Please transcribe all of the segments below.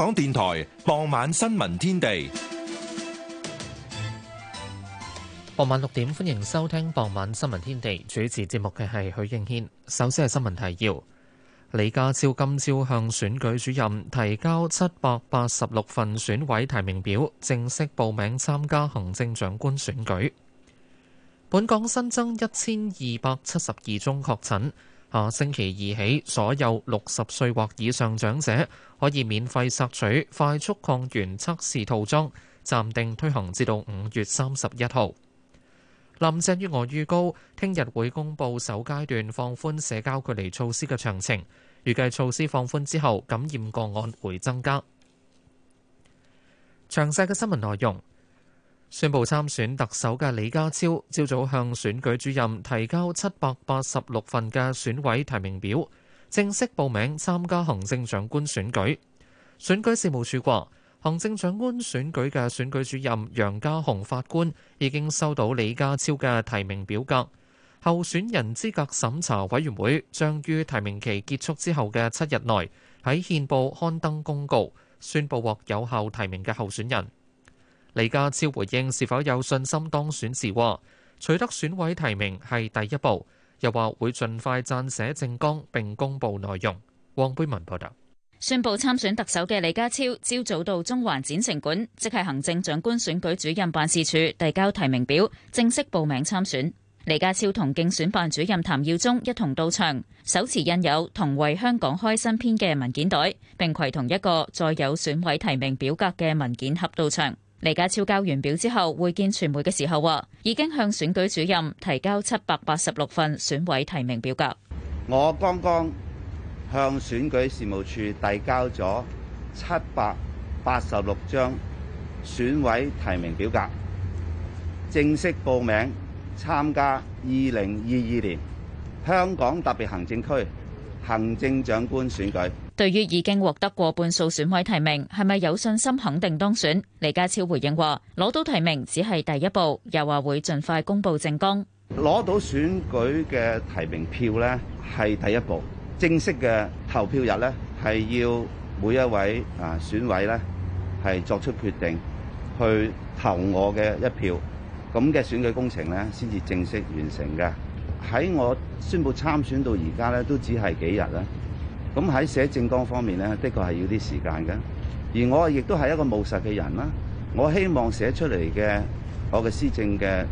香港電台傍晚新聞天地，傍晚六點歡迎收聽傍晚新聞天地。主持節目嘅係許敬軒。首先係新聞提要：李家超今朝向選舉主任提交七百八十六份選委提名表，正式報名參加行政長官選舉。本港新增一千二百七十二宗確診。下星期二起，所有六十歲或以上長者可以免費索取快速抗原測試套裝，暫定推行至到五月三十一號。林鄭月娥預告，聽日會公布首階段放寬社交距離措施嘅詳情，預計措施放寬之後，感染個案會增加。詳細嘅新聞內容。宣布參選特首嘅李家超，朝早向選舉主任提交七百八十六份嘅選委提名表，正式報名參加行政長官選舉。選舉事務處話，行政長官選舉嘅選舉主任楊家雄法官已經收到李家超嘅提名表格。候選人資格審查委員會將於提名期結束之後嘅七日內，喺憲報刊登公告，宣佈獲有效提名嘅候選人。李家超回應是否有信心當選時話，取得選委提名係第一步，又話會盡快撰寫政綱，並公布內容。黃貝文報道。宣布參選特首嘅李家超，朝早到中環展城館，即係行政長官選舉主任辦事處遞交提名表，正式報名參選。李家超同競選辦主任譚耀宗一同到場，手持印有同為香港開新篇嘅文件袋，並攜同一個載有選委提名表格嘅文件盒到場。李家超交完表之後會見傳媒嘅時候話，已經向選舉主任提交七百八十六份選委提名表格。我剛剛向選舉事務處遞交咗七百八十六張選委提名表格，正式報名參加二零二二年香港特別行政區行政長官選舉。對於已經獲得過半數選委提名，係咪有信心肯定當選？李家超回應話：攞到提名只係第一步，又話會盡快公布政綱。攞到選舉嘅提名票呢，係第一步，正式嘅投票日呢，係要每一位啊選委呢，係作出決定去投我嘅一票，咁嘅選舉工程呢，先至正式完成嘅。喺我宣布參選到而家呢，都只係幾日啦。咁喺寫政綱方面咧，的確係要啲時間嘅。而我亦都係一個務實嘅人啦。我希望寫出嚟嘅我嘅施政嘅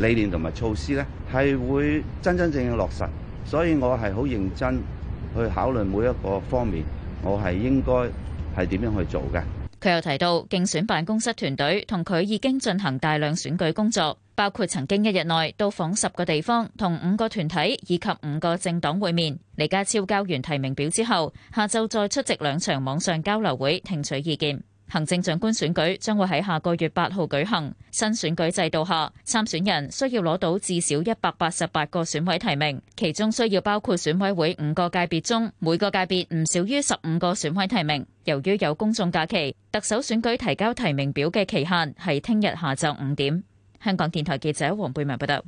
理念同埋措施咧，係會真真正正落實。所以我係好認真去考慮每一個方面，我係應該係點樣去做嘅。佢又提到競選辦公室團隊同佢已經進行大量選舉工作。包括曾經一日內到訪十個地方，同五個團體以及五個政黨會面。李家超交完提名表之後，下晝再出席兩場網上交流會聽取意見。行政長官選舉將會喺下個月八號舉行。新選舉制度下，參選人需要攞到至少一百八十八個選委提名，其中需要包括選委會五個界別中每個界別唔少於十五個選委提名。由於有公眾假期，特首選舉提交提名表嘅期限係聽日下晝五點。香港電台記者黃貝文報道，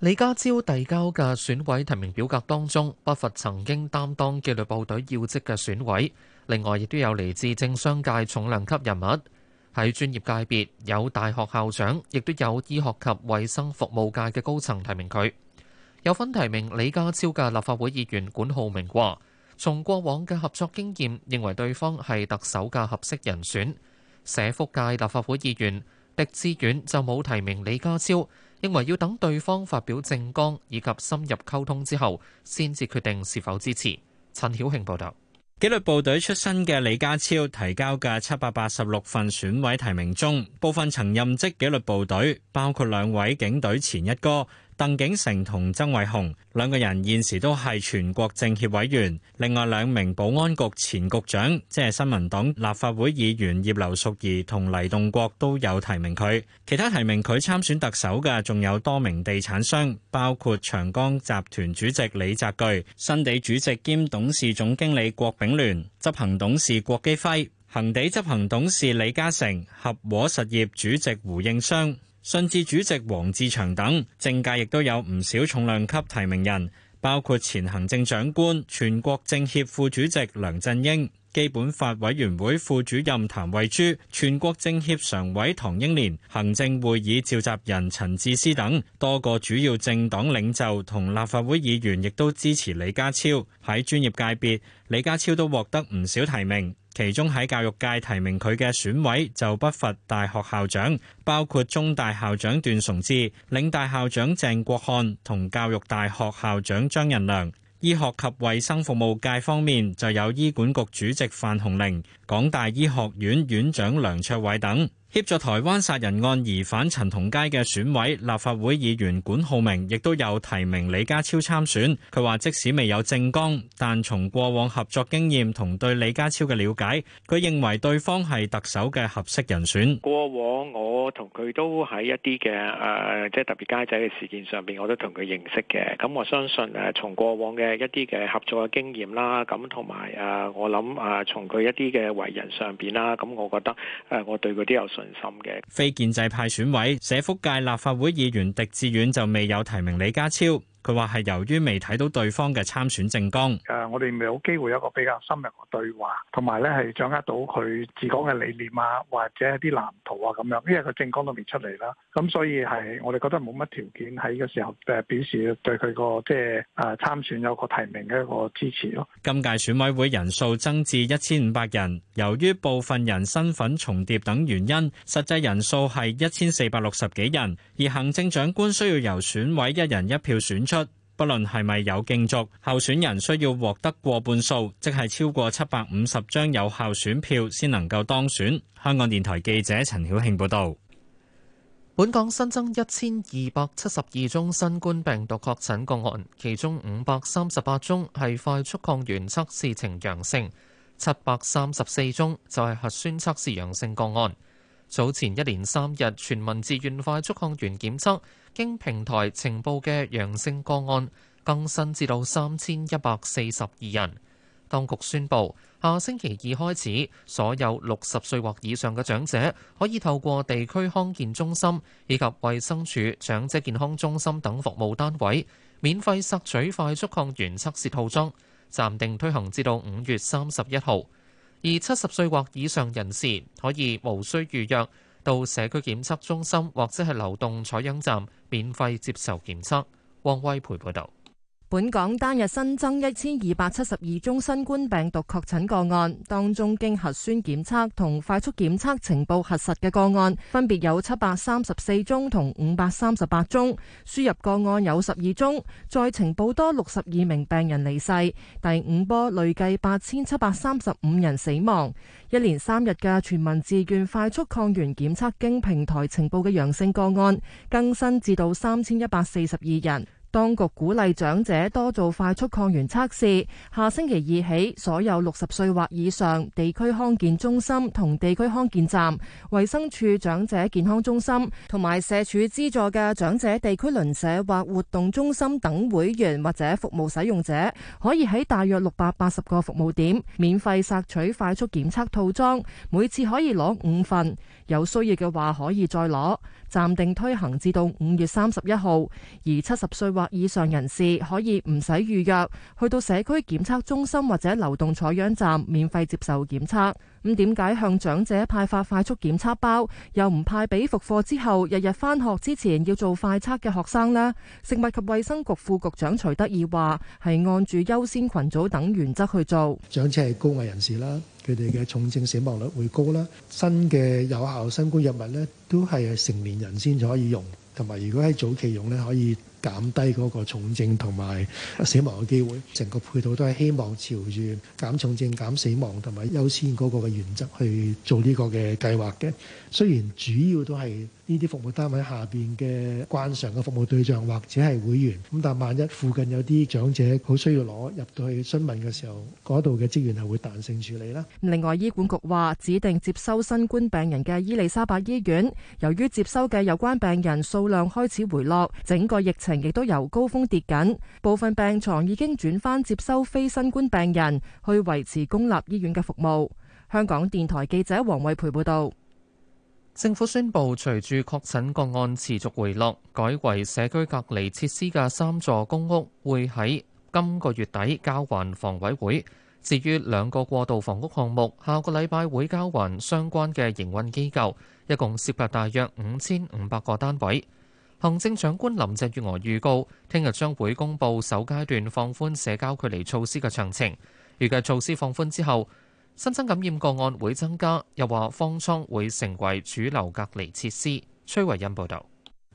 李家超遞交嘅選委提名表格當中，不乏曾經擔當紀律部隊要職嘅選委，另外亦都有嚟自政商界重量級人物，喺專業界別有大學校長，亦都有醫學及衛生服務界嘅高層提名佢。有份提名李家超嘅立法會議員管浩明話，從過往嘅合作經驗，認為對方係特首嘅合適人選。社福界立法會議員，狄志遠就冇提名李家超，認為要等對方發表政綱以及深入溝通之後，先至決定是否支持。陳曉慶報導，紀律部隊出身嘅李家超提交嘅七百八十六份選委提名中，部分曾任職紀律部隊，包括兩位警隊前一哥。鄧景成同曾偉雄兩個人現時都係全國政協委員，另外兩名保安局前局長，即係新民黨立法會議員葉劉劉淑儀同黎棟國都有提名佢。其他提名佢參選特首嘅仲有多名地產商，包括長江集團主席李澤钜、新地主席兼董事總經理郭炳聯、執行董事郭基輝、恒地執行董事李嘉誠、合和實業主席胡應湘。信置主席黃志祥等，政界亦都有唔少重量級提名人，包括前行政長官、全國政協副主席梁振英、基本法委員會副主任譚惠珠、全國政協常委唐英年、行政會議召集人陳智思等，多個主要政黨領袖同立法會議員亦都支持李家超。喺專業界別，李家超都獲得唔少提名。其中喺教育界提名佢嘅選委就不乏大學校長，包括中大校長段崇智、嶺大校長鄭國漢同教育大學校長張仁良。醫學及衛生服務界方面就有醫管局主席范鴻齡、港大醫學院院長梁卓偉等。協助台灣殺人案疑犯陳同佳嘅選委立法會議員管浩明亦都有提名李家超參選。佢話即使未有政綱，但從過往合作經驗同對李家超嘅瞭解，佢認為對方係特首嘅合適人選。過往我同佢都喺一啲嘅誒即係特別街仔嘅事件上邊，我都同佢認識嘅。咁我相信誒從過往嘅一啲嘅合作嘅經驗啦，咁同埋誒我諗誒從佢一啲嘅為人上邊啦，咁我覺得誒我對嗰啲有信心。非建制派選委社福界立法會議員狄志遠就未有提名李家超。佢話，係由於未睇到對方嘅參選政綱，誒，我哋未有機會一個比較深入嘅對話，同埋咧係掌握到佢治港嘅理念啊，或者一啲藍圖啊咁樣，因為佢政綱都未出嚟啦，咁所以係我哋覺得冇乜條件喺嗰時候誒表示對佢個即係誒參選有個提名嘅一個支持咯。今屆選委會人數增至一千五百人，由於部分人身份重疊等原因，實際人數係一千四百六十幾人，而行政長官需要由選委一人一票選。不論係咪有競逐，候選人需要獲得過半數，即係超過七百五十張有效選票，先能夠當選。香港電台記者陳曉慶報道。本港新增一千二百七十二宗新冠病毒確診個案，其中五百三十八宗係快速抗原測試呈陽性，七百三十四宗就係核酸測試陽性個案。早前一連三日全民自願快速抗原檢測，經平台呈報嘅陽性個案更新至到三千一百四十二人。當局宣布，下星期二開始，所有六十歲或以上嘅長者可以透過地區康健中心以及衛生署長者健康中心等服務單位，免費索取快速抗原測試套裝，暫定推行至到五月三十一號。而七十歲或以上人士可以無需預約，到社區檢測中心或者係流動採樣站免費接受檢測。汪威培報導。本港單日新增一千二百七十二宗新冠病毒確診個案，當中經核酸檢測同快速檢測呈報核實嘅個案分別有七百三十四宗同五百三十八宗，輸入個案有十二宗，再呈報多六十二名病人離世，第五波累計八千七百三十五人死亡。一連三日嘅全民自願快速抗原檢測經平台呈報嘅陽性個案更新至到三千一百四十二人。當局鼓勵長者多做快速抗原測試。下星期二起，所有六十歲或以上地區康健中心、同地區康健站、衛生署長者健康中心、同埋社署資助嘅長者地區鄰舍或活動中心等會員或者服務使用者，可以喺大約六百八十個服務點免費索取快速檢測套裝，每次可以攞五份，有需要嘅話可以再攞。暫定推行至到五月三十一號，而七十歲或以上人士可以唔使預約去到社區檢測中心或者流動採樣站，免費接受檢測。咁，點解向長者派發快速檢測包，又唔派俾復課之後日日翻學之前要做快測嘅學生咧？食物及衛生局副局長徐德義話，係按住優先群組等原則去做，長者係高危人士啦，佢哋嘅重症死亡率會高啦。新嘅，有效新冠藥物咧，都係成年人先至可以用，同埋如果喺早期用咧，可以。減低嗰個重症同埋死亡嘅機會，成個配套都係希望朝住減重症、減死亡同埋優先嗰個嘅原則去做呢個嘅計劃嘅。雖然主要都係。呢啲服務單位下邊嘅慣常嘅服務對象或者係會員，咁但係萬一附近有啲長者好需要攞入到去詢問嘅時候，嗰度嘅職員係會彈性處理啦。另外，醫管局話，指定接收新冠病人嘅伊利沙伯醫院，由於接收嘅有關病人數量開始回落，整個疫情亦都由高峰跌緊，部分病床已經轉翻接收非新冠病人，去維持公立醫院嘅服務。香港電台記者黃惠培報道。政府宣布，隨住確診個案持續回落，改為社區隔離設施嘅三座公屋會喺今個月底交還房委會，至於兩個過渡房屋項目，下個禮拜會交還相關嘅營運機構，一共涉及大約五千五百個單位。行政長官林鄭月娥預告，聽日將會公布首階段放寬社交距離措施嘅詳情。預計措施放寬之後，新增感染個案會增加，又話方艙會成為主流隔離設施。崔慧恩報道。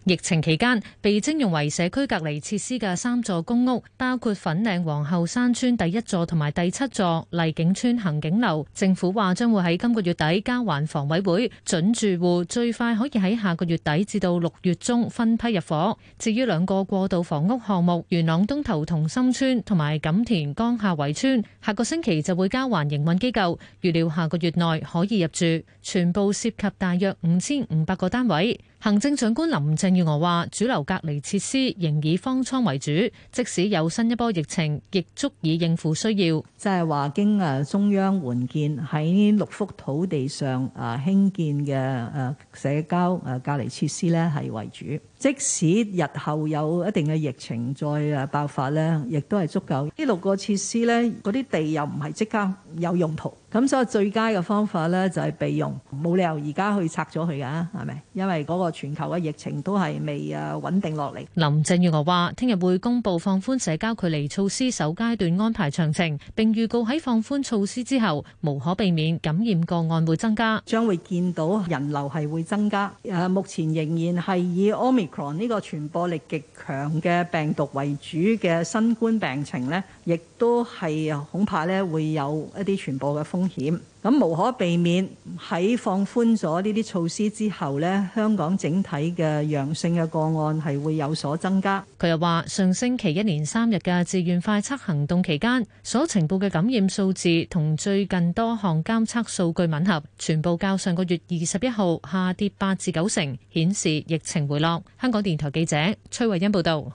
疫情期間被徵用為社區隔離設施嘅三座公屋，包括粉嶺皇后山邨第一座同埋第七座、麗景邨恆景樓。政府話將會喺今個月底交還房委會，準住戶最快可以喺下個月底至到六月中分批入伙。至於兩個過渡房屋項目——元朗東頭同心村同埋錦田江夏圍村，下個星期就會交還營運機構，預料下個月內可以入住。全部涉及大約五千五百個單位。行政長官林鄭月娥話，主流隔離設施仍以方艙為主，即使有新一波疫情，亦足以應付需要。即係話，經誒中央援建喺六幅土地上誒興建嘅誒社交誒隔離設施咧係為主，即使日後有一定嘅疫情再誒爆發呢，亦都係足夠。呢六個設施呢，嗰啲地又唔係即刻有用途。咁所以最佳嘅方法咧就係備用，冇理由而家去拆咗佢噶，係咪？因為嗰個全球嘅疫情都係未啊穩定落嚟。林鄭月娥話，聽日會公布放寬社交距離措施首階段安排詳情，並預告喺放寬措施之後，無可避免感染個案會增加，將會見到人流係會增加。誒，目前仍然係以 Omicron 呢個傳播力極強嘅病毒為主嘅新冠病情咧，亦。都係恐怕咧，會有一啲傳播嘅風險，咁無可避免喺放寬咗呢啲措施之後咧，香港整體嘅陽性嘅個案係會有所增加。佢又話，上星期一連三日嘅自願快測行動期間所呈報嘅感染數字同最近多項監測數據吻合，全部較上個月二十一號下跌八至九成，顯示疫情回落。香港電台記者崔慧欣報道。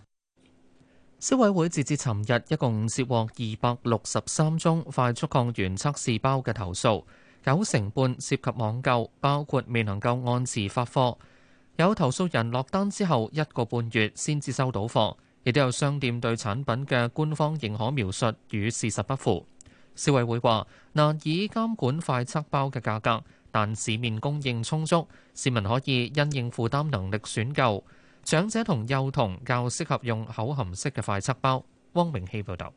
消委會截至尋日，一共接獲二百六十三宗快速抗原測試包嘅投訴，九成半涉及網購，包括未能夠按時發貨。有投訴人落單之後一個半月先至收到貨，亦都有商店對產品嘅官方認可描述與事實不符。消委會話難以監管快測包嘅價格，但市面供應充足，市民可以因應負擔能力選購。長者同幼童較適合用口含式嘅快測包。汪永希報導。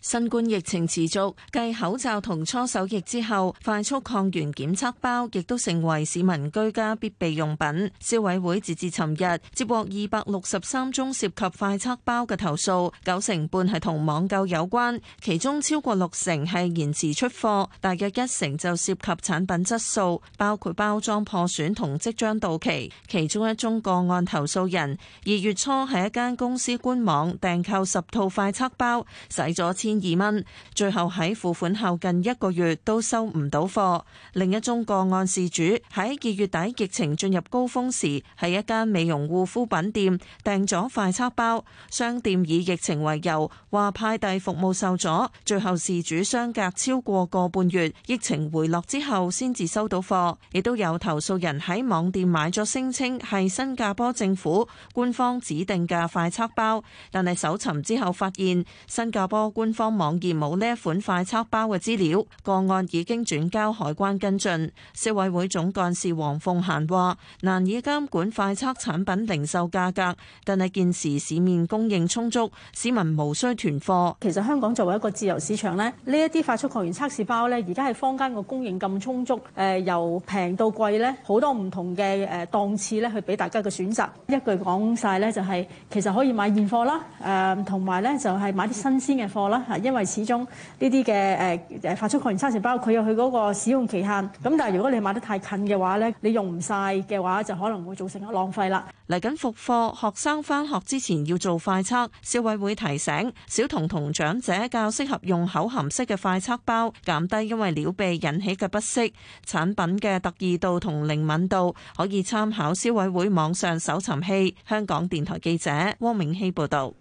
新冠疫情持續，繼口罩同搓手液之後，快速抗原檢測包亦都成為市民居家必備用品。消委會截至尋日接獲二百六十三宗涉及快測包嘅投訴，九成半係同網購有關，其中超過六成係延遲出貨，大約一成就涉及產品質素，包括包裝破損同即將到期。其中一宗個案，投訴人二月初喺一間公司官網訂購十套快測包，使咗千二蚊，最後喺付款後近一個月都收唔到貨。另一宗個案，事主喺二月底疫情進入高峰時，喺一間美容護膚品店訂咗快測包，商店以疫情為由話派遞服務受阻，最後事主相隔超過個半月，疫情回落之後先至收到貨。亦都有投訴人喺網店買咗，聲稱係新加坡政府官方指定嘅快測包，但係搜尋之後發現新加坡官。方網頁冇呢一款快測包嘅資料，個案已經轉交海關跟進。消委會總幹事黃鳳嫻話：難以監管快測產品零售價格，但係現時市面供應充足，市民無需囤貨。其實香港作為一個自由市場咧，呢一啲快速抗原測試包咧，而家喺坊間個供應咁充足，誒由平到貴咧，好多唔同嘅誒檔次咧，去俾大家嘅選擇。一句講晒呢，就係其實可以買現貨啦，誒同埋呢就係買啲新鮮嘅貨啦。因為始終呢啲嘅誒誒快速抗原測試包，佢有佢嗰個使用期限。咁但係如果你買得太近嘅話咧，你用唔晒嘅話，就可能會造成嘅浪費啦。嚟緊復課，學生返學之前要做快測，消委會提醒小童同長者較適合用口含式嘅快測包，減低因為撩鼻引起嘅不適。產品嘅特異度同靈敏度可以參考消委會網上搜尋器。香港電台記者汪明熙報導。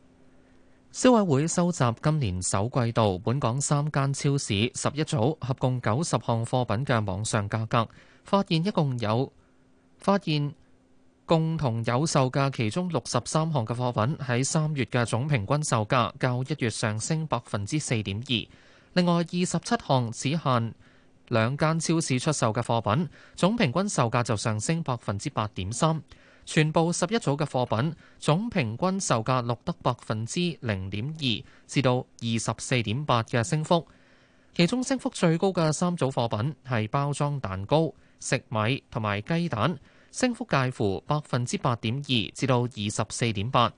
消委會收集今年首季度本港三間超市十一組合共九十項貨品嘅網上價格，發現一共有發現共同有售價其中六十三項嘅貨品喺三月嘅總平均售價較一月上升百分之四點二。另外二十七項只限兩間超市出售嘅貨品，總平均售價就上升百分之八點三。全部十一組嘅貨品總平均售價錄得百分之零點二，至到二十四點八嘅升幅。其中升幅最高嘅三組貨品係包裝蛋糕、食米同埋雞蛋，升幅介乎百分之八點二至到二十四點八。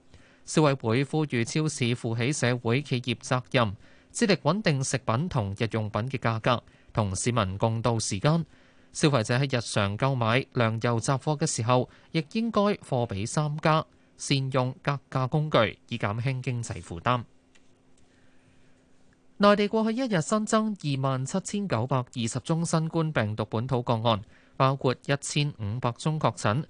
消委會呼籲超市負起社會企業責任，致力穩定食品同日用品嘅價格，同市民共渡時間。消費者喺日常購買糧油雜貨嘅時候，亦應該貨比三家，善用格價工具，以減輕經濟負擔。內地過去一日新增二萬七千九百二十宗新冠病毒本土個案，包括一千五百宗確診，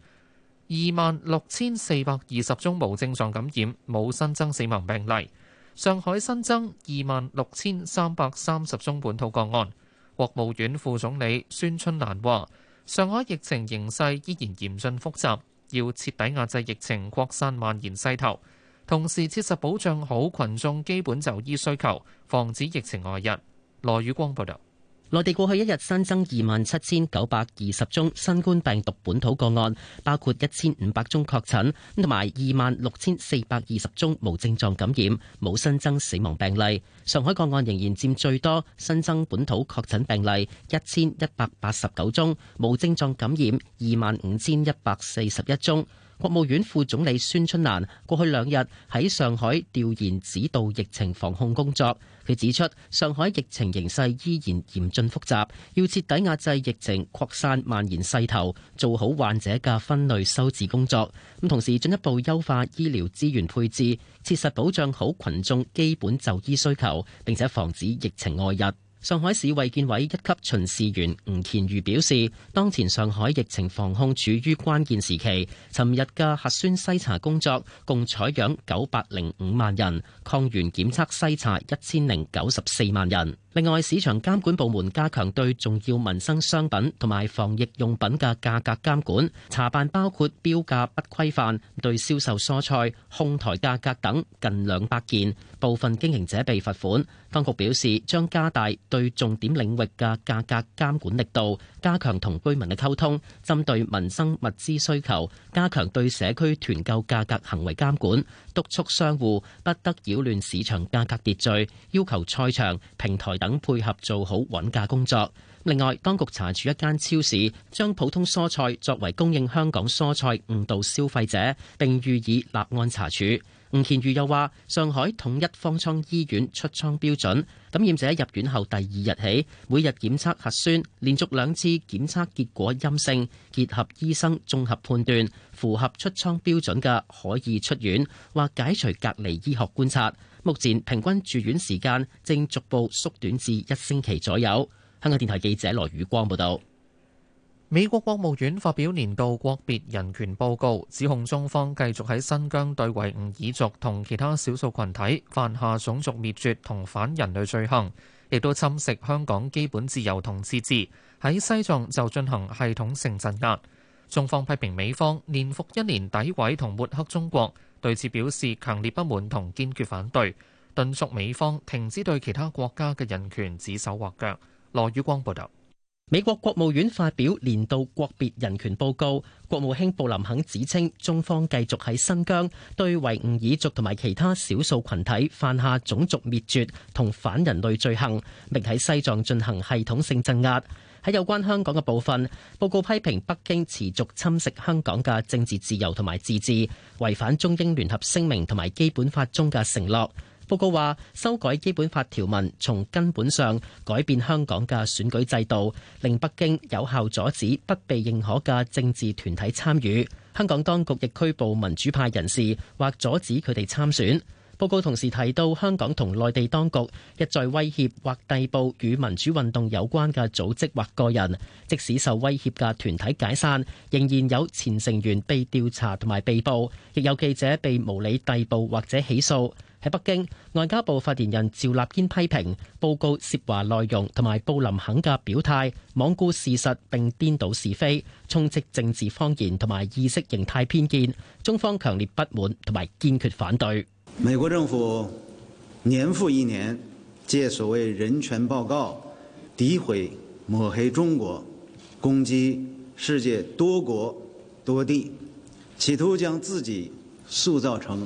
二萬六千四百二十宗無症狀感染，冇新增死亡病例。上海新增二萬六千三百三十宗本土個案。國務院副總理孫春蘭話：上海疫情形勢依然嚴峻複雜，要徹底壓制疫情擴散蔓延勢頭，同時切實保障好群眾基本就醫需求，防止疫情外溢。羅宇光報道。內地過去一日新增二萬七千九百二十宗新冠病毒本土個案，包括一千五百宗確診，同埋二萬六千四百二十宗無症狀感染，冇新增死亡病例。上海個案仍然佔最多，新增本土確診病例一千一百八十九宗，無症狀感染二萬五千一百四十一宗。國務院副總理孫春蘭過去兩日喺上海調研指導疫情防控工作。佢指出，上海疫情形勢依然嚴峻複雜，要徹底壓制疫情擴散蔓延勢頭，做好患者嘅分類收治工作，咁同時進一步優化醫療資源配置，切實保障好群眾基本就醫需求，並且防止疫情外溢。上海市衛健委一級巡視員吳乾渝表示，當前上海疫情防控處於關鍵時期。尋日嘅核酸篩查工作共採樣九百零五萬人，抗原檢測篩查一千零九十四萬人。另外，市場監管部門加強對重要民生商品同埋防疫用品嘅價格監管，查辦包括標價不規範、對銷售蔬菜哄抬價格等近兩百件。部分經營者被罰款，當局表示將加大對重點領域嘅價格監管力度，加強同居民嘅溝通，針對民生物資需求，加強對社區團購價格行為監管，督促商戶不得擾亂市場價格秩序，要求菜場、平台等配合做好穩價工作。另外，當局查處一間超市，將普通蔬菜作為供應香港蔬菜，誤導消費者，並予以立案查處。吳乾渝又話：上海統一方艙醫院出艙標準，感染者入院後第二日起，每日檢測核酸，連續兩次檢測結果陰性，結合醫生綜合判斷，符合出艙標準嘅可以出院或解除隔離醫學觀察。目前平均住院時間正逐步縮短至一星期左右。香港電台記者羅宇光報道。美國國務院發表年度國別人權報告，指控中方繼續喺新疆對維吾爾族同其他少數群體犯下種族滅絕同反人類罪行，亦都侵蝕香港基本自由同自治。喺西藏就進行系統性鎮壓。中方批評美方年復一年詆毀同抹黑中國，對此表示強烈不滿同堅決反對，敦促美方停止對其他國家嘅人權指手畫腳。羅宇光報道。美國國務院發表年度國別人權報告，國務卿布林肯指稱中方繼續喺新疆對維吾爾族同埋其他少數群體犯下種族滅絕同反人類罪行，並喺西藏進行系統性鎮壓。喺有關香港嘅部分，報告批評北京持續侵蝕香港嘅政治自由同埋自治，違反中英聯合聲明同埋基本法中嘅承諾。報告話，修改基本法條文，從根本上改變香港嘅選舉制度，令北京有效阻止不被認可嘅政治團體參與。香港當局亦拘捕民主派人士，或阻止佢哋參選。報告同時提到，香港同內地當局一再威脅或逮捕與民主運動有關嘅組織或個人，即使受威脅嘅團體解散，仍然有前成員被調查同埋被捕，亦有記者被無理逮捕或者起訴。喺北京，外交部發言人趙立堅批評報告涉華內容同埋布林肯嘅表態，罔顧事實並顛倒是非，充斥政治謊言同埋意識形態偏見，中方強烈不滿同埋堅決反對。美國政府年復一年借所謂人權報告，詆毀抹黑中國，攻擊世界多國多地，企圖將自己塑造成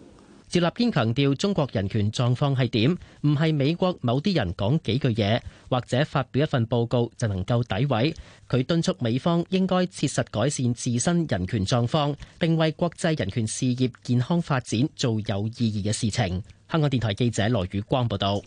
趙立堅強調，中國人權狀況係點，唔係美國某啲人講幾句嘢或者發表一份報告就能夠詆毀。佢敦促美方應該切實改善自身人權狀況，並為國際人權事業健康發展做有意義嘅事情。香港電台記者羅宇光報道。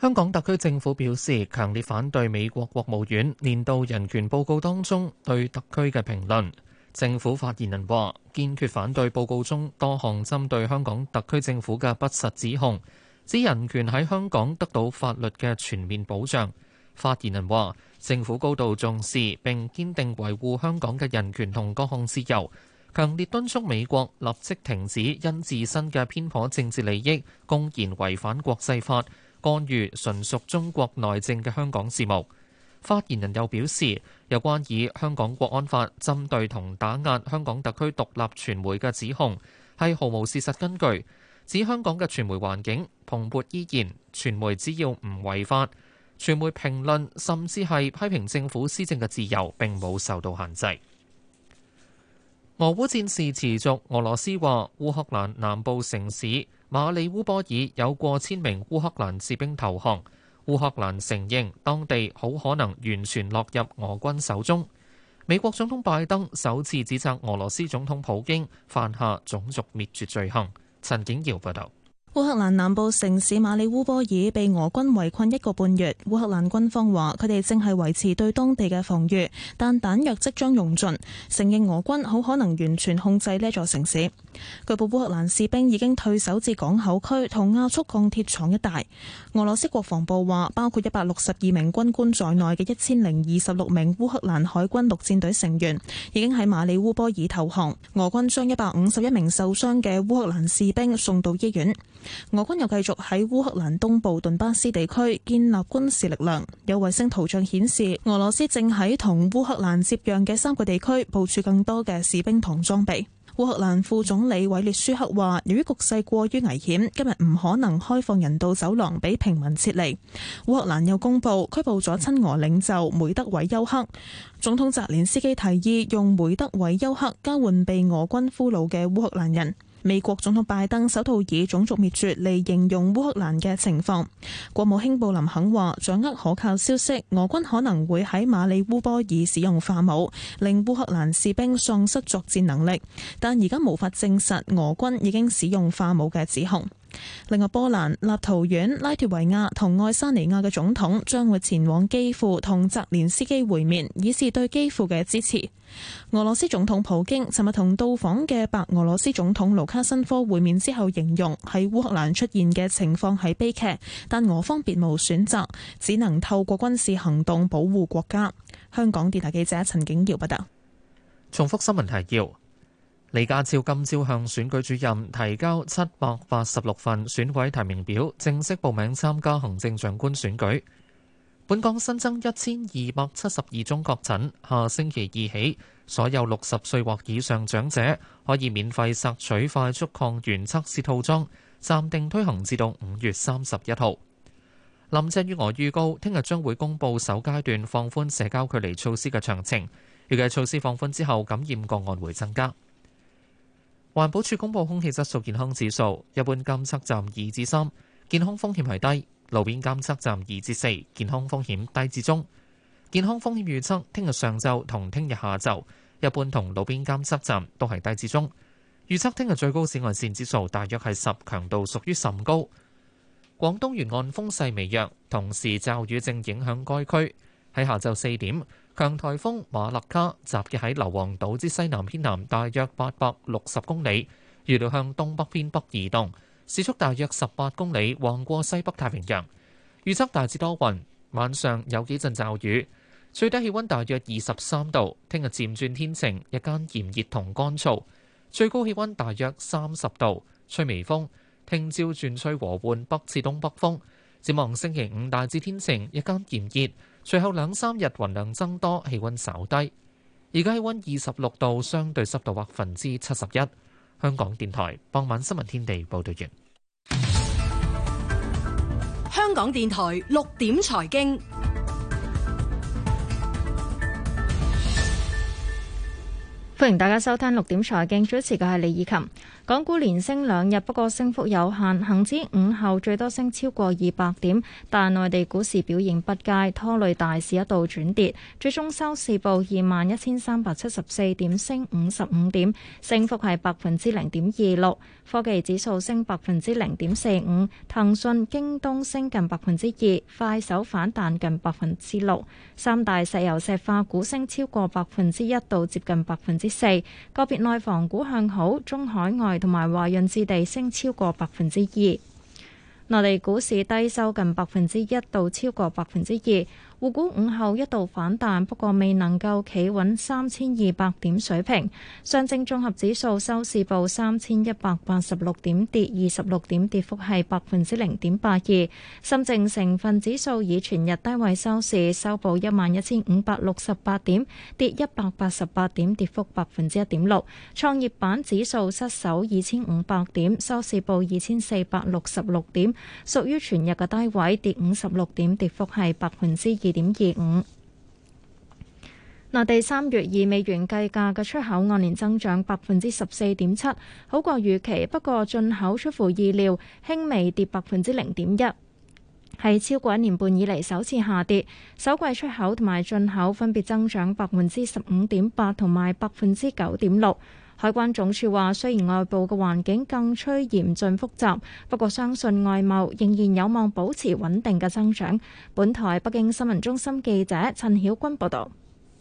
香港特區政府表示，強烈反對美國國務院年度人權報告當中對特區嘅評論。政府發言人話堅決反對報告中多項針對香港特區政府嘅不實指控，指人權喺香港得到法律嘅全面保障。發言人話政府高度重視並堅定維護香港嘅人權同各項自由，強烈敦促美國立即停止因自身嘅偏頗政治利益公然違反國際法，干預純屬中國內政嘅香港事務。發言人又表示，有關以香港國安法針對同打壓香港特區獨立傳媒嘅指控係毫無事實根據，指香港嘅傳媒環境蓬勃依然，傳媒只要唔違法，傳媒評論甚至係批評政府施政嘅自由並冇受到限制。俄烏戰事持續，俄羅斯話烏克蘭南部城市馬里烏波爾有過千名烏克蘭士兵投降。烏克蘭承認當地好可能完全落入俄軍手中。美國總統拜登首次指責俄羅斯總統普京犯下種族滅絕罪行。陳景瑤報道。烏克蘭南部城市馬里烏波爾被俄軍圍困一個半月。烏克蘭軍方話，佢哋正係維持對當地嘅防禦，但彈藥即將用盡，承認俄軍好可能完全控制呢座城市。據報，烏克蘭士兵已經退守至港口區同亞速鋼鐵廠一帶。俄羅斯國防部話，包括一百六十二名軍官在內嘅一千零二十六名烏克蘭海軍陸戰隊成員已經喺馬里烏波爾投降。俄軍將一百五十一名受傷嘅烏克蘭士兵送到醫院。俄軍又繼續喺烏克蘭東部頓巴斯地區建立軍事力量，有衛星圖像顯示，俄羅斯正喺同烏克蘭接壤嘅三個地區部署更多嘅士兵同裝備。烏克蘭副總理韋列舒克話，由於局勢過於危險，今日唔可能開放人道走廊俾平民撤離。烏克蘭又公布拘捕咗親俄領袖梅德韋丘克。總統澤連斯基提議用梅德韋丘克交換被俄軍俘虜嘅烏克蘭人。美國總統拜登首度以種族滅絕嚟形容烏克蘭嘅情況。國務卿布林肯話：掌握可靠消息，俄軍可能會喺馬里烏波爾使用化武，令烏克蘭士兵喪失作戰能力。但而家無法證實俄軍已經使用化武嘅指控。另外，波蘭、立陶宛、拉脫維亞同愛沙尼亞嘅總統將會前往基輔同澤連斯基會面，以示對基輔嘅支持。俄羅斯總統普京尋日同到訪嘅白俄羅斯總統盧卡申科會面之後，形容喺烏克蘭出現嘅情況係悲劇，但俄方別無選擇，只能透過軍事行動保護國家。香港電台記者陳景堯報道。重複新聞提要。李家超今朝向選舉主任提交七百八十六份選委提名表，正式報名參加行政長官選舉。本港新增一千二百七十二宗確診，下星期二起，所有六十歲或以上長者可以免費索取快速抗原測試套裝，暫定推行至到五月三十一號。林鄭月娥預告，聽日將會公布首階段放寬社交距離措施嘅詳情。預計措施放寬之後，感染個案會增加。環保署公布空氣質素健康指數，一般監測站二至三，健康風險係低；路邊監測站二至四，健康風險低至中。健康風險預測聽日上晝同聽日下晝，一般同路邊監測站都係低至中。預測聽日最高紫外線指數大約係十，強度屬於甚高。廣東沿岸風勢微弱，同時驟雨正影響該區。喺下晝四點。強颱風馬勒卡集結喺硫磺島之西南偏南，大約八百六十公里，預料向東北偏北移動，時速大約十八公里，橫過西北太平洋。預測大致多雲，晚上有幾陣驟雨，最低氣溫大約二十三度。聽日漸轉天晴，日間炎熱同乾燥，最高氣溫大約三十度，吹微風。聽朝轉吹和緩北至東北風。展望星期五大致天晴，日間炎熱。隨後兩三日雲量增多，氣溫稍低。而家氣溫二十六度，相對濕度百分之七十一。香港電台傍晚新聞天地報導完。香港電台六點財經，歡迎大家收聽六點財經，主持嘅係李以琴。港股連升兩日，不過升幅有限。恒指午後最多升超過二百點，但內地股市表現不佳，拖累大市一度轉跌，最終收市報二萬一千三百七十四點，升五十五點，升幅係百分之零點二六。科技指數升百分之零點四五，騰訊、京東升近百分之二，快手反彈近百分之六。三大石油石化股升超過百分之一到接近百分之四。個別內房股向好，中海外。同埋華潤置地升超過百分之二，內地股市低收近百分之一到超過百分之二。滬股午後一度反彈，不過未能夠企穩三千二百點水平。上證綜合指數收市報三千一百八十六點，跌二十六點，跌幅係百分之零點八二。深證成分指數以全日低位收市，收報一萬一千五百六十八點，跌一百八十八點，跌幅百分之一點六。創業板指數失守二千五百點，收市報二千四百六十六點，屬於全日嘅低位，跌五十六點，跌幅係百分之二點二五。內地三月以美元計價嘅出口按年增長百分之十四點七，好過預期。不過進口出乎意料，輕微跌百分之零點一，係超過一年半以嚟首次下跌。首季出口同埋進口分別增長百分之十五點八同埋百分之九點六。海關總署話，雖然外部嘅環境更趨嚴峻複雜，不過相信外貿仍然有望保持穩定嘅增長。本台北京新聞中心記者陳曉君報道。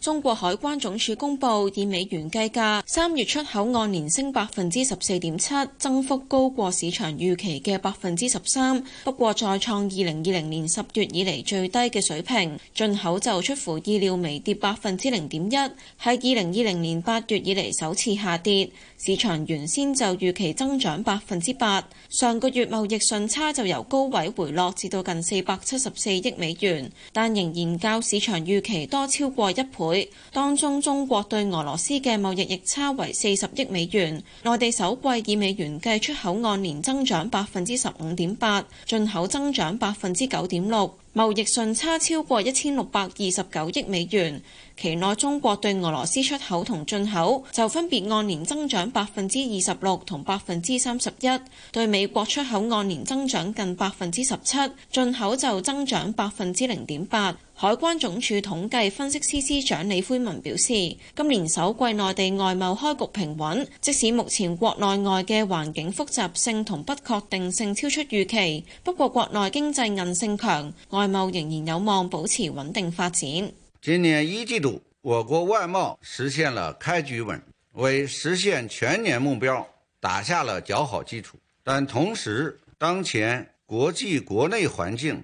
中國海關總署公布以美元計價，三月出口按年升百分之十四點七，增幅高過市場預期嘅百分之十三，不過再創二零二零年十月以嚟最低嘅水平。進口就出乎意料微跌百分之零點一，係二零二零年八月以嚟首次下跌。市場原先就預期增長百分之八。上個月貿易順差就由高位回落至到近四百七十四億美元，但仍然較市場預期多超過一倍。當中，中國對俄羅斯嘅貿易逆差為四十億美元。內地首季以美元計出口按年增長百分之十五點八，進口增長百分之九點六，貿易順差超過一千六百二十九億美元。期內，中國對俄羅斯出口同進口就分別按年增長百分之二十六同百分之三十一，對美國出口按年增長近百分之十七，進口就增長百分之零點八。海關總署統計分析司司長李魁文表示，今年首季內地外貿開局平穩，即使目前國內外嘅環境複雜性同不確定性超出預期，不過國內經濟韌性強，外貿仍然有望保持穩定發展。今年一季度，我國外貿實現了開局穩，為實現全年目標打下了較好基礎。但同時，當前國際國內環境。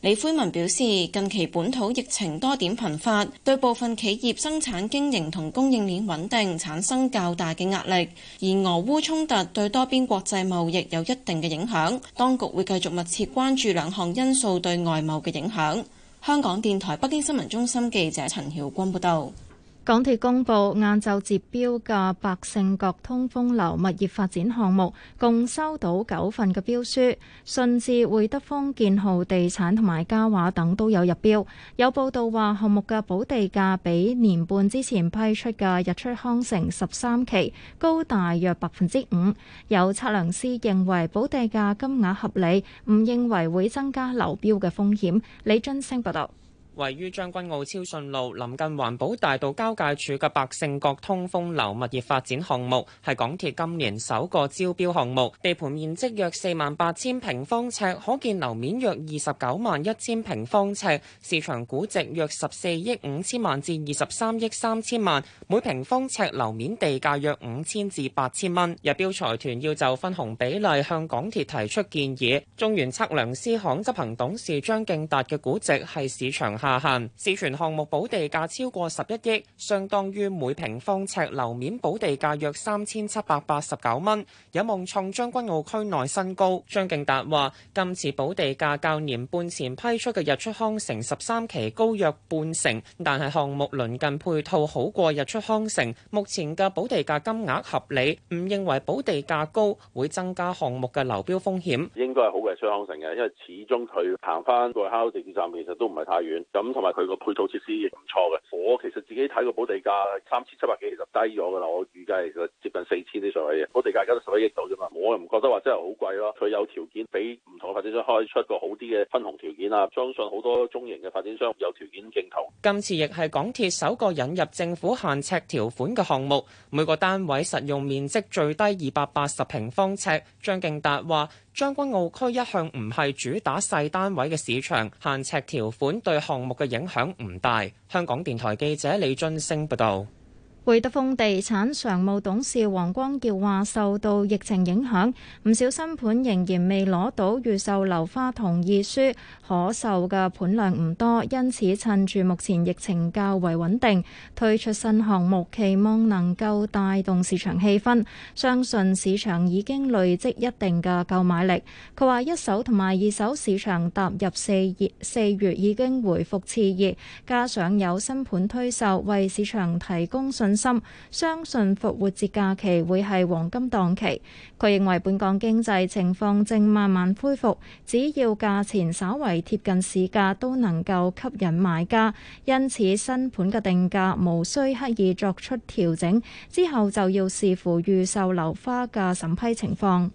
李輝文表示，近期本土疫情多點頻發，對部分企業生產經營同供應鏈穩定產生較大嘅壓力；而俄烏衝突對多邊國際貿易有一定嘅影響，當局會繼續密切關注兩項因素對外貿嘅影響，香港電台北京新聞中心記者陳曉君報道。港鐵公布晏晝接標嘅百勝角通風樓物業發展項目，共收到九份嘅標書，信置、會德豐、建灝地產同埋嘉華等都有入標。有報道話，項目嘅補地價比年半之前批出嘅日出康城十三期高大約百分之五。有測量師認為補地價金額合理，唔認為會增加流標嘅風險。李津升報道。位於將軍澳超信路臨近環保大道交界處嘅百勝角通風樓物業發展項目，係港鐵今年首個招標項目，地盤面積約四萬八千平方尺，可建樓面約二十九萬一千平方尺，市場估值約十四億五千萬至二十三億三千萬，每平方尺樓面地價約五千至八千蚊。入標財團要就分紅比例向港鐵提出建議。中原測量師行執行董事張敬達嘅估值係市場下行，市全項目保地價超過十一億，相當於每平方尺樓面保地價約三千七百八十九蚊，有望創將軍澳區內新高。張敬達話今次保地價較年半前批出嘅日出康城十三期高約半成，但係項目鄰近配套好過日出康城，目前嘅保地價金額合理，唔認為保地價高會增加項目嘅流標風險。應該係好嘅，日出康城嘅，因為始終佢行翻個香港地鐵站其實都唔係太遠。咁同埋佢個配套設施亦唔錯嘅。我其實自己睇個補地價三千七百幾其實低咗噶啦，我預計接近四千以上嘅。補地價而家都十一億度啫嘛，我又唔覺得話真係好貴咯。佢有條件俾唔同嘅發展商開出個好啲嘅分紅條件啊，相信好多中型嘅發展商有條件競投。今次亦係港鐵首個引入政府限尺條款嘅項目，每個單位實用面積最低二百八十平方尺。張敬達話，將軍澳區一向唔係主打細單位嘅市場，限尺條款對項目嘅影響唔大。香港電台記者李進升報道。會德豐地產常務董事黃光耀話：受到疫情影響，唔少新盤仍然未攞到預售樓花同意書，可售嘅盤量唔多，因此趁住目前疫情較為穩定，推出新項目，期望能夠帶動市場氣氛。相信市場已經累積一定嘅購買力。佢話一手同埋二手市場踏入四月，四月已經回復熾熱，加上有新盤推售，為市場提供信。深相信復活節假期會係黃金檔期。佢認為本港經濟情況正慢慢恢復，只要價錢稍為貼近市價都能夠吸引買家，因此新盤嘅定價無需刻意作出調整。之後就要視乎預售樓花嘅審批情況。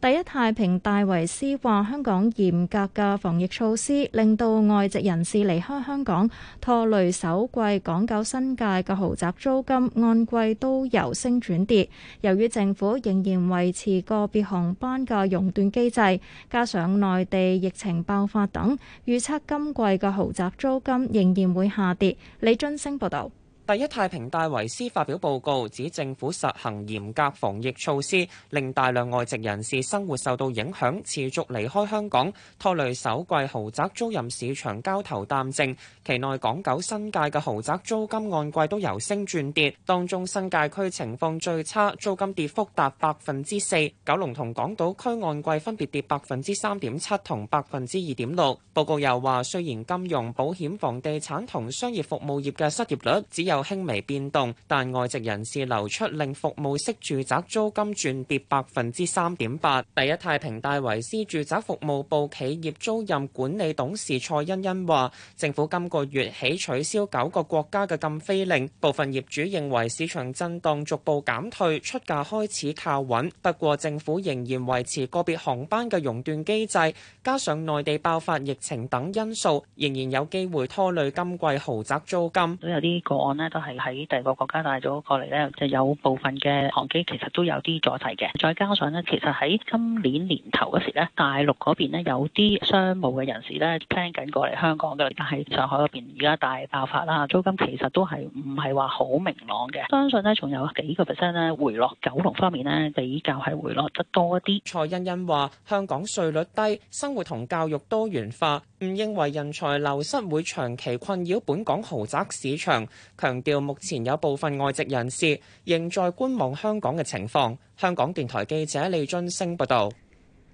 第一太平戴維斯話，香港嚴格嘅防疫措施令到外籍人士離開香港，拖累首季港九新界嘅豪宅租金按季都由升轉跌。由於政府仍然維持個別航班嘅熔斷機制，加上內地疫情爆發等，預測今季嘅豪宅租金仍然會下跌。李津星報道。第一太平戴維斯發表報告，指政府實行嚴格防疫措施，令大量外籍人士生活受到影響，持續離開香港，拖累首季豪宅租賃市場交投淡靜。期內港九新界嘅豪宅租金按季都由升轉跌，當中新界區情況最差，租金跌幅達百分之四；九龍同港島區按季分別跌百分之三點七同百分之二點六。報告又話，雖然金融、保險、房地產同商業服務業嘅失業率只有輕微變動，但外籍人士流出令服務式住宅租金轉跌百分之三點八。第一太平戴維斯住宅服務部企業租賃管理董事蔡欣欣話，政府今個月起取消九個國家嘅禁飛令，部分業主認為市場震盪逐步減退，出價開始靠穩。不過政府仍然維持個別航班嘅熔斷機制，加上內地爆發疫情等因素，仍然有機會拖累今季豪宅租金。都有啲個案。都係喺第二個國家帶咗過嚟呢，就有部分嘅航機其實都有啲阻滯嘅。再加上呢，其實喺今年年頭嗰時呢，大陸嗰邊呢有啲商務嘅人士呢 plan 緊過嚟香港嘅，但係上海嗰邊而家大爆發啦，租金其實都係唔係話好明朗嘅。相信呢，仲有幾個 percent 呢回落，九龍方面呢，比較係回落得多啲。蔡欣欣話：香港稅率低，生活同教育多元化，唔認為人才流失會長期困擾本港豪宅市場。強調目前有部分外籍人士仍在觀望香港嘅情況。香港電台記者李俊升報道。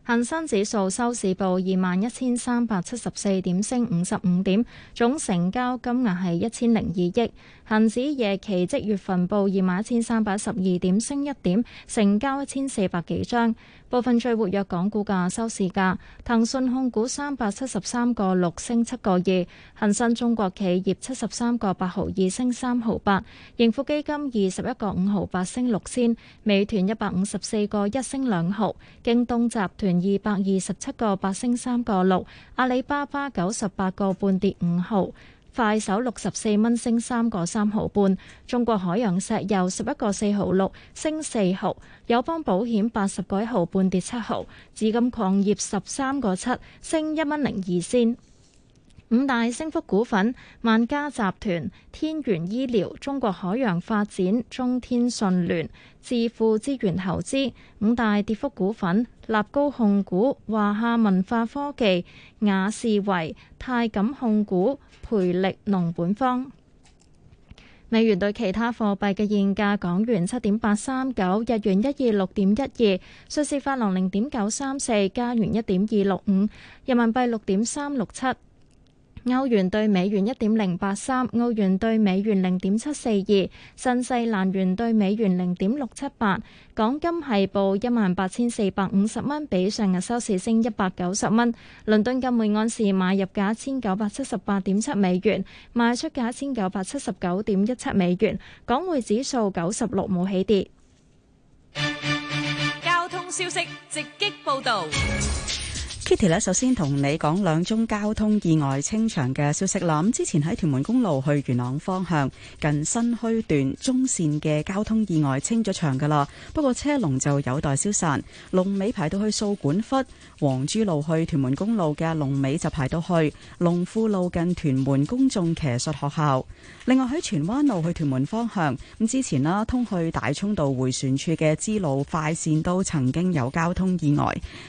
恒生指數收市報二萬一千三百七十四點，升五十五點，總成交金額係一千零二億。恒指夜期即月份報二萬一千三百十二點升一點，成交一千四百幾張。部分最活躍港股嘅收市價：騰訊控股三百七十三個六升七個二，恒生中國企業七十三個八毫二升三毫八，盈富基金二十一個五毫八升六仙，美團一百五十四個一升兩毫，京東集團二百二十七個八升三個六，阿里巴巴九十八個半跌五毫。快手六十四蚊升三個三毫半，中國海洋石油十一個四毫六升四毫，友邦保險八十個一毫半跌七毫，紫金礦業十三個七升一蚊零二仙。五大升幅股份：萬家集團、天元醫療、中國海洋發展、中天信聯、智富資源投資。五大跌幅股份：立高控股、華夏文化科技、雅士維、泰錦控股、培力農本方。美元對其他貨幣嘅現價：港元七點八三九，日元一二六點一二，瑞士法郎零點九三四，加元一點二六五，人民幣六點三六七。歐元對美元一點零八三，澳元對美元零點七四二，新西蘭元對美元零點六七八。港金係報一萬八千四百五十蚊，比上日收市升一百九十蚊。倫敦金每安士買入價一千九百七十八點七美元，賣出價一千九百七十九點一七美元。港匯指數九十六冇起跌。交通消息直擊報道。Kitty 咧，首先同你講兩宗交通意外清場嘅消息啦。咁之前喺屯門公路去元朗方向近新墟段中線嘅交通意外清咗場噶啦，不過車龍就有待消散，龍尾排到去掃管笏，黃珠路去屯門公路嘅龍尾就排到去龍富路近屯門公眾騎術學校。另外喺荃灣路去屯門方向，咁之前啦通去大涌道迴旋處嘅支路快線都曾經有交通意外，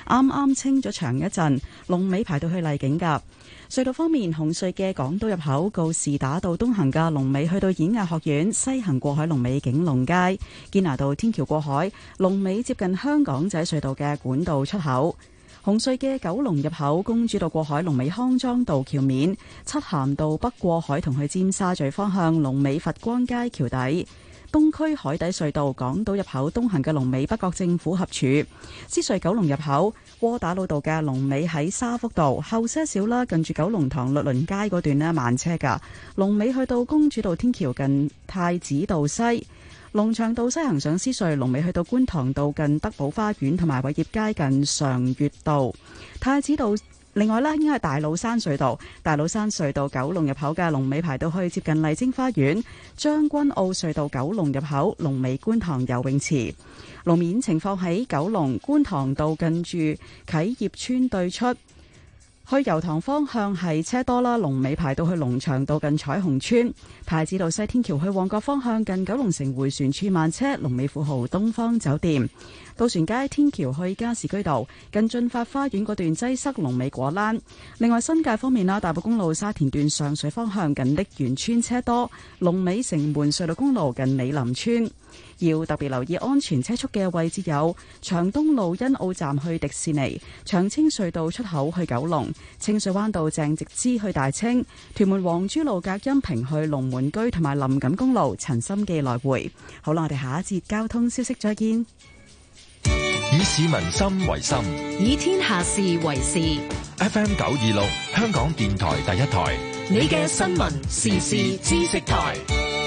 啱啱清咗場。一陣龍尾排到去荔景噶隧道方面。紅隧嘅港島入口告士打道東行嘅龍尾去到演藝學院，西行過海龍尾景龍街堅拿道天橋過海，龍尾接近香港仔隧道嘅管道出口。紅隧嘅九龍入口公主道過海龍尾康莊道橋面，漆咸道北過海同去尖沙咀方向龍尾佛光街橋底。東區海底隧道港島入口東行嘅龍尾北角政府合署，獅隧九龍入口窩打老道嘅龍尾喺沙福道後些少啦，近住九龍塘律倫街嗰段呢，慢車噶，龍尾去到公主道天橋近太子道西，龍翔道西行上獅隧龍尾去到觀塘道近德寶花園同埋偉業街近常悅道，太子道。另外咧，應該係大老山隧道、大老山隧道九龍入口嘅龍尾排到去接近麗晶花園，將軍澳隧道九龍入口龍尾觀塘游泳池，路面情況喺九龍觀塘道近住啟業邨對出。去油塘方向係車多啦，龍尾排到去龍翔道近彩虹村。太子道西天橋去旺角方向近九龍城回旋處慢車，龍尾富豪東方酒店。渡船街天橋去加士居道近駿發花園嗰段擠塞，龍尾果欄。另外新界方面啦，大埔公路沙田段上水方向近瀝源村車多，龍尾城門隧道公路近美林村要特別留意安全車速嘅位置有：長東路欣澳站去迪士尼、長青隧道出口去九龍、清水灣道鄭直枝去大清、屯門黃珠路隔音屏去龍門居同埋林錦公路陳心記來回。好啦，我哋下一節交通消息再見。以市民心為心，以天下事為事。FM 九二六，香港電台第一台，你嘅新聞時事知識台。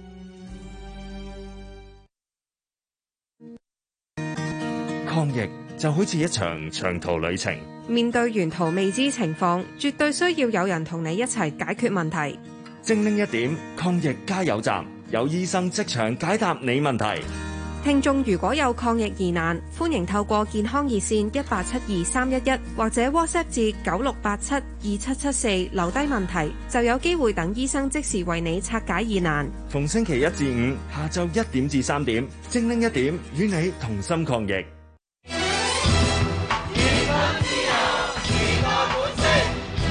抗疫就好似一場長途旅程，面對沿途未知情況，絕對需要有人同你一齊解決問題。精靈一點抗疫加油站，有醫生即場解答你問題。聽眾如果有抗疫疑難，歡迎透過健康熱線一八七二三一一或者 WhatsApp 至九六八七二七七四留低問題，就有機會等醫生即時為你拆解疑難。逢星期一至五下晝一點至三點，精靈一點，與你同心抗疫。